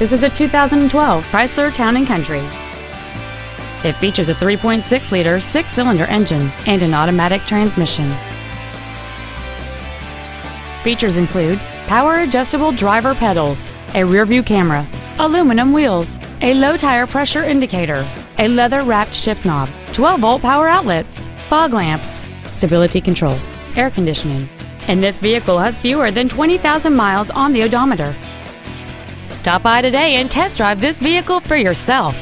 This is a 2012 Chrysler Town and Country. It features a 3.6-liter six-cylinder engine and an automatic transmission. Features include power adjustable driver pedals, a rear view camera, aluminum wheels, a low tire pressure indicator, a leather wrapped shift knob, 12 volt power outlets, fog lamps, stability control, air conditioning. And this vehicle has fewer than 20,000 miles on the odometer. Stop by today and test drive this vehicle for yourself.